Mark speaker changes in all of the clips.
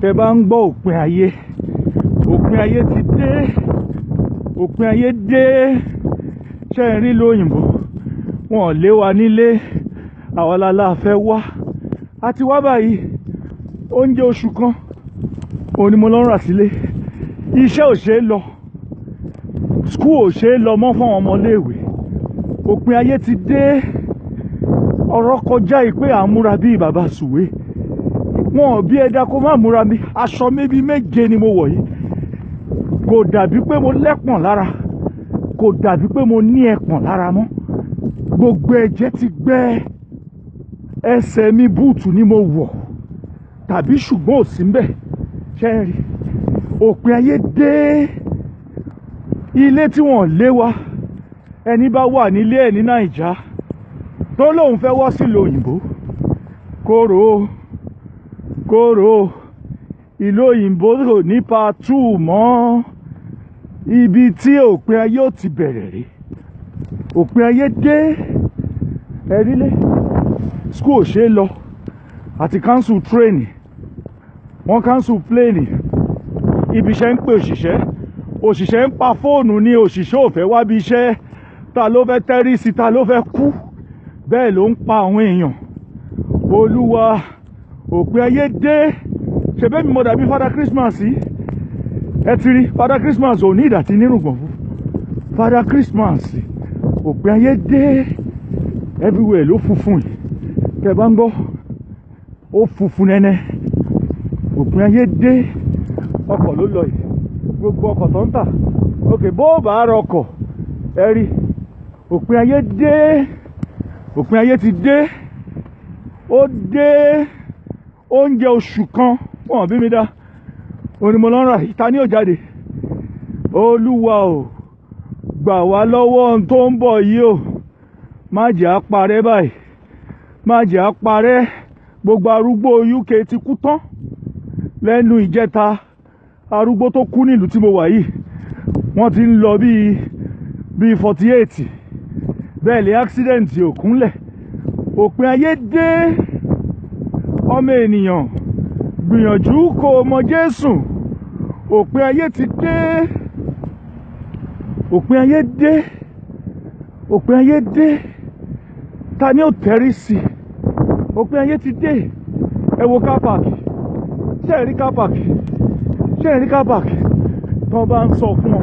Speaker 1: tẹ bá ń gbọ́ òpin ayé òpin ayé ti dé òpin ayé dé ṣe ń rí lóyìnbó wọn ò lé wa nílé àwọn lálá fẹ́ wá a ti wá báyìí oúnjẹ oṣù kan òun ni mo lọ ń rà sílé iṣẹ́ ò ṣeé lọ skul ò ṣeé lọ mọ́ fún àwọn ọmọléèwé òpin ayé ti dé ọ̀rọ̀ kọjá yìí pé à ń múra bíi bàbá sùwé wọn ò bí ẹ̀dá kó má múra mi aṣọ mi bíi méje ni mo wọ̀ yìí kò dàbí pé mo lẹ́pọ̀n lára kò dàbí pé mo ní ẹ̀pọ̀n lára mọ́ gbogbo ẹ̀jẹ̀ ti gbẹ ẹsẹ̀ mi búùtù ni mo wọ̀ tàbí ṣùgbọ́n ò sí ń bẹ̀ ṣe é rí òpin ayé dé ilé tí wọ́n lé wa ẹni bá wà nílé ẹ̀ ní nàìjà tó lóun fẹ́ wọ́ sílùú òyìnbó kóró kòkòrò ìlú òyìnbó rò nípa túù mọ́ ibi tí òpin ayé ò ti bẹ̀rẹ̀ rí òpin ayé dé ẹ̀rílẹ̀ school ṣe é lọ àti council training wọ́n council plane ibi iṣẹ́ ń pè òṣìṣẹ́ òṣìṣẹ́ ń pa fóònù ní òṣìṣẹ́ ò fẹ́ wábi iṣẹ́ ta ló fẹ́ tẹ́rí sí ta ló fẹ́ kú bẹ́ẹ̀ ló ń pa àwọn èèyàn olúwa òpin ayé dé ṣebẹ́ mi mo dàbí father christmas yìí ẹ ti rí father christmas ò ní ìdàtí nírùngbọ̀n fún father christmas òpin ayé dé everywhere ló funfun yìí tẹ bá ń gbọ́ ó funfun nẹ́nẹ́ òpin ayé dé ọkọ̀ ló lọ yìí gbogbo ọkọ̀ tó ń tà òkè bó bá rọ ọkọ̀ ẹ rí òpin ayé dé òpin ayé ti dé ó dé oúnjẹ oṣù kan wọn bí mi dá onímọ̀lọ́ra ìta ní òjáde olúwa o gbà wá lọ́wọ́ ohun tó ń bọ̀ yìí o má jẹ́ á parẹ́ báyìí má jẹ́ á parẹ́ gbogbo arúgbó UK ti kú tán lẹ́nu ìjẹta arúgbó tó kú nílùú tí mo wà yìí wọ́n ti ń lọ bíi bíi forty eight bẹ́ẹ̀ lé accident ò kúnlẹ̀ òpin ayé dé ọmọ ènìyàn gbìyànjú kó o mọ jésù òpin ayé ti dé òpin ayé dé òpin ayé dé ta ni ó tẹrí sí òpin ayé ti dé ẹ wo car park ṣé ẹ rí car park ṣé ẹ rí car park tí wọ́n bá ń sọ fún ọ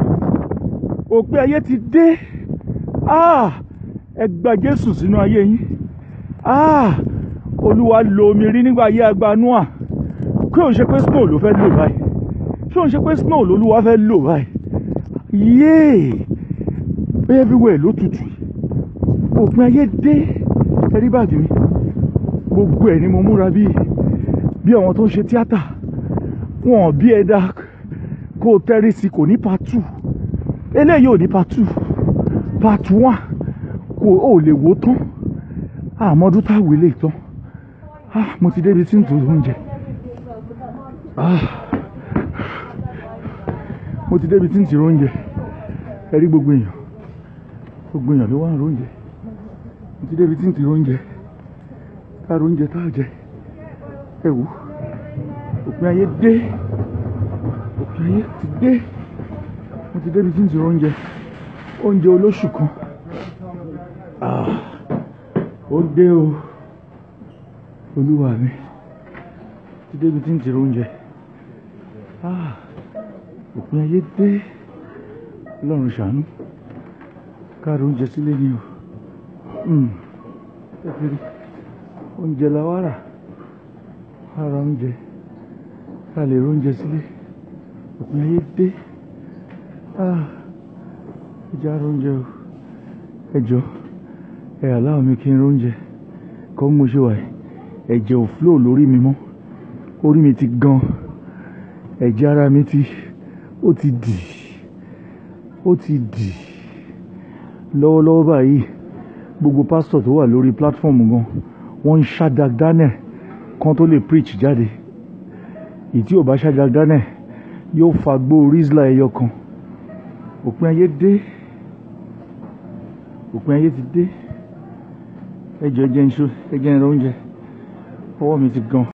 Speaker 1: òpin ayé ti dé ah! ẹ gba jésù sínú ayé yín. Ah! olúwa lo omi rí nígbà ayé àgbà noah kí òun ṣe pé snow ló fẹ́ lò báyìí ṣé òun ṣe pé snow lolúwa fẹ́ lò báyìí yéè everywhere ló tutù òpin ayé dé ẹrí bàjẹ́ mi gbogbo ẹ̀ ni mo múra bíi bí àwọn tó ń ṣe tíátà wọn bí ẹ̀dá kó o tẹ́rí sí kò ní part two eléyìí ò ní part two part one kò ó lè wò tán àmọ́dún táwọn tán. Ah, mo ti débi tí n tó oúnjẹ
Speaker 2: ah. mo ti débi tí n ti oúnjẹ ẹ rí gbogbo èèyàn gbogbo èèyàn ló wà ń oúnjẹ mo ti débi tí n ti oúnjẹ ká oúnjẹ tá a jẹ ẹ wò
Speaker 1: òpin ayé dé òpin ayé ti dé mo ti débi tí n ti oúnjẹ oúnjẹ olóṣù kan
Speaker 2: ah. ó dé o olúwa mi ti débi tí ń jèrè oúnjẹ ah, òpin ayé dé ọlọ́run ṣàánú káàrọ̀ oúnjẹ sílé ni o hmm, ẹ fi rí oúnjẹ la wá rà ara oúnjẹ ká lè róúnjẹ sílé òpin ayé dé ah, ẹ jẹ́ ara oúnjẹ o ẹ jọ ẹ mi kí n róúnjẹ kọ́ mo ṣe wà ẹ̀jẹ̀ ò flow lórí mi mọ́ orí mi ti gan ẹ̀jẹ̀ ara mi ti ó ti dì ó ti dì lọ́wọ́lọ́wọ́ báyìí gbogbo pásítọ̀ tó wà lórí platform gan wọ́n ń ṣàdàgdánẹ̀ kan tó lè preach jáde ìtí ò bá ṣàdàgdánẹ̀ yóò fagbó rizla ẹyọ kan òpin ayé dé òpin ayé ti dé ẹjọ ẹjẹ ń ṣó ẹjẹ ń ra oúnjẹ. before me to go um